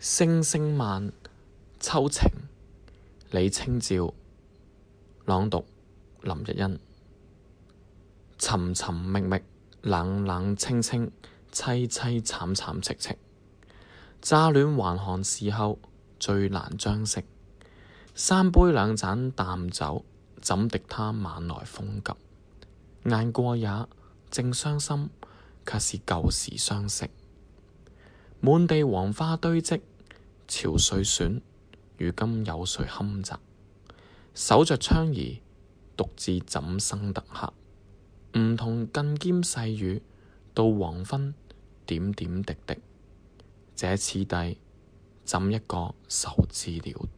《聲聲慢》，秋情，李清照。朗讀：林日欣。尋尋覓覓，冷冷清清，淒淒慘慘戚戚。乍暖還寒時候，最難將息。三杯兩盞淡酒，怎敵他晚來風急？雁過也，正傷心，卻是舊時相識。滿地黃花堆積，憔悴損。如今有誰堪摘？守着窗兒，獨自怎生得黑？梧桐更兼細雨，到黃昏，點點滴滴。這次第，怎一個愁字了得！